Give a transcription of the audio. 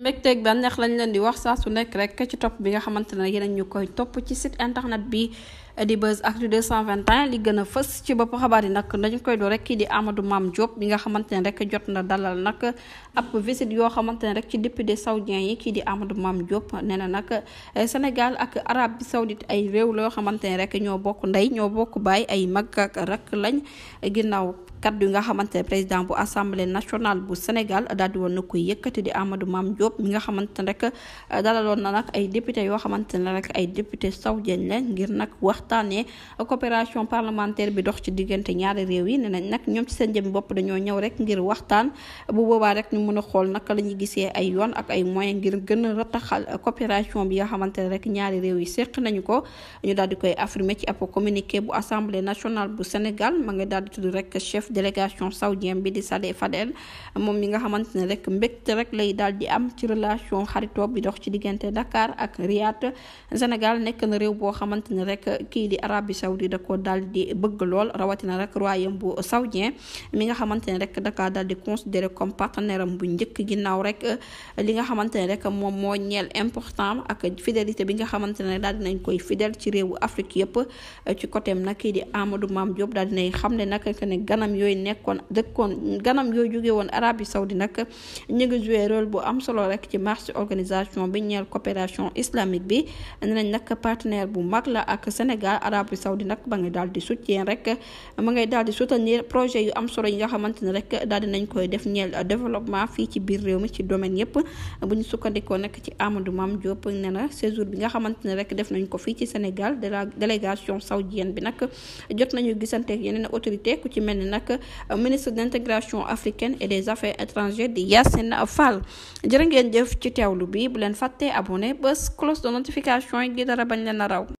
mbégteeg bànneex lañ leen di wax saa su nekk rek ci topp bi nga xamante ne yeneen ñu koy topp ci site internet bi di Buzz Actu 221 li gën a fës ci bopp xabaar yi nag dañu koy doo rek kii di Amadou Mame jóop bi nga xamante ne rek jot na dalal nag ap visite yoo xamante ne rek ci député saoudien yi kii di Amadou Mame Diop nee na nag eh, Sénégal ak Arabie Saoudite ay réew loo yoo xamante ne rek ñoo bokk ndey ñoo bokk baay ay mag ak lañ ginnaaw kaddu yi nga xamante ne président bu assemblée nationale bu Sénégal daal di woon na koy yëkkati di Amadou Mame Diop mi nga xamante ne rek uh, dalaloon na nag ay député yoo xamante ne rek ay député saoudien la ngir nag waxtaanee coopération parlementaire bi dox ci diggante ñaari réew yi ne nañ nag ñoom ci seen bopp dañoo ñëw rek ngir waxtaan bu boobaa rek ñu mën a xool naka la ñuy gisee ay yoon ak ay moyens ngir gën a coopération bi nga xamante ne rek ñaari réew yi séq nañu ko ñu daal di koy affirmer ci ab communiqué bu bu Sénégal ma tudd rek chef chef délégation saoudien bi di Saleh Fadel moom mi nga xamante ne rek mbégte rek lay daal di am ci relation xaritoo bi dox ci diggante Dakar ak Riyad Sénégal nekk na réew boo xamante ne rek kii di Arabie Saoudi da ko daal di bëgg lool rawatina rek royaume bu saoudien mi nga xamante ne rek Dakar daal di considéré comme partenaire am bu njëkk ginnaaw rek li nga xamante ne rek moom moo ñeel important ak fidélité bi nga xamante ne daal nañ koy fidèle ci réewu Afrique yëpp ci côté nag kii di Amadou Mame Diop daal dinay yooyu nekkoon dëkkoon ganam yooyu jóge woon Arabie Saoudi nag ñu ngi joué bu am solo rek ci marché organisation bi ñeel coopération islamique bi ne nañ nag partenaire bu mag la ak Sénégal Arabie Saoudi nag ba ngay daal di soutien rek ma ngay daal di soutenir projet yu am solo yi nga xamante ne rek daal di nañ koy def ñeel développement fii ci biir réew mi ci domaine yëpp bu ñu sukkandikoo nag ci Amadou Mame Diop ne na séjour bi nga xamante ne rek def nañ ko fii ci Sénégal de la délégation saoudienne bi nag jot nañu gisante ak yeneen autorité ku ci mel ni nag ministre d' intégration africaine et des affaires étrangères di Yacine Fall jërë ngeen jëf ci teewlu bi bu leen fàttee abonné bés cloche de notification yi ngir dara bañ leen a raw.